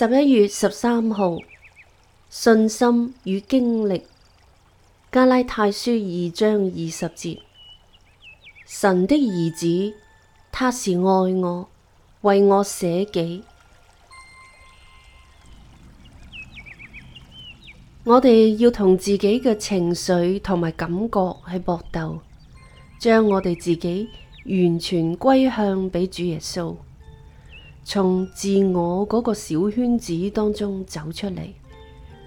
十一月十三號，信心與經歷。加拉太書二章二十節，神的兒子，他是愛我，為我捨己。我哋要同自己嘅情緒同埋感覺去搏鬥，將我哋自己完全歸向畀主耶穌。從自我嗰個小圈子當中走出嚟，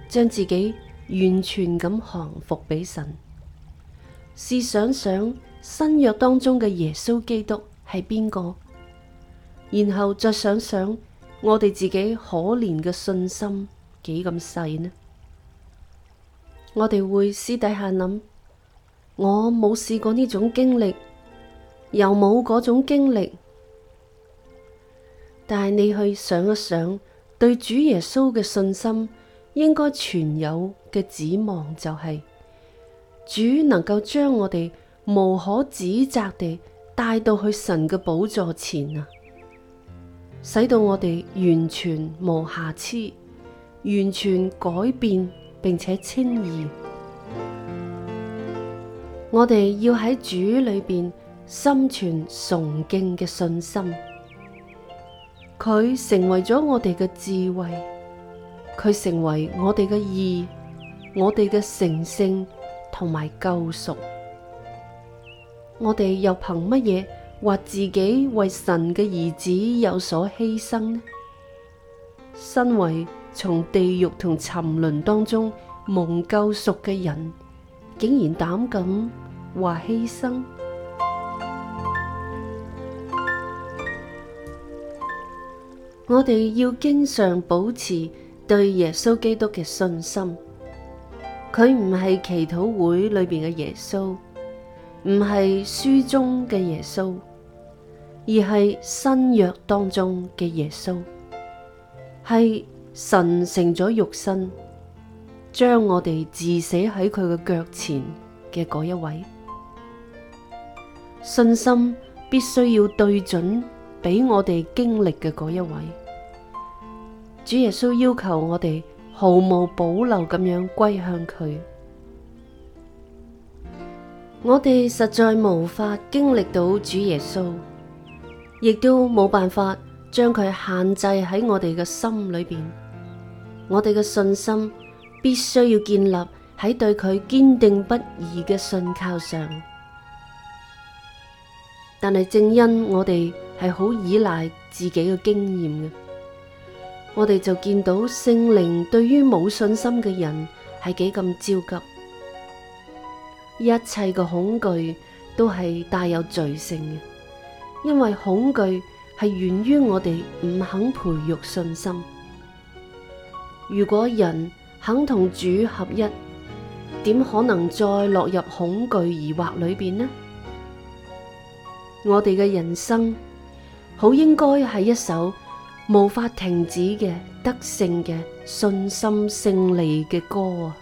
將自己完全咁降服俾神。試想想新約當中嘅耶穌基督係邊個？然後再想想我哋自己可憐嘅信心幾咁細呢？我哋會私底下諗，我冇試過呢種經歷，又冇嗰種經歷。但係你去想一想，對主耶穌嘅信心應該存有嘅指望就係、是、主能夠將我哋無可指責地帶到去神嘅寶座前啊，使到我哋完全無瑕疵，完全改變並且清儀。我哋要喺主裏邊心存崇敬嘅信心。佢成為咗我哋嘅智慧，佢成為我哋嘅義，我哋嘅成聖同埋救贖。我哋又憑乜嘢話自己為神嘅兒子有所犧牲呢？身為從地獄同沉淪當中蒙救贖嘅人，竟然膽敢話犧牲？我哋要經常保持對耶穌基督嘅信心，佢唔係祈禱會裏邊嘅耶穌，唔係書中嘅耶穌，而係新約當中嘅耶穌，係神成咗肉身，將我哋自死喺佢嘅腳前嘅嗰一位。信心必須要對準俾我哋經歷嘅嗰一位。主耶穌要求我哋毫無保留咁樣歸向佢，我哋實在無法經歷到主耶穌，亦都冇辦法將佢限制喺我哋嘅心裏邊。我哋嘅信心必須要建立喺對佢堅定不移嘅信靠上。但係正因我哋係好依賴自己嘅經驗嘅。我哋就見到聖靈對於冇信心嘅人係幾咁焦急，一切嘅恐懼都係帶有罪性嘅，因為恐懼係源於我哋唔肯培育信心。如果人肯同主合一，點可能再落入恐懼疑惑裏邊呢？我哋嘅人生好應該係一首無法停止嘅得勝嘅信心勝利嘅歌啊！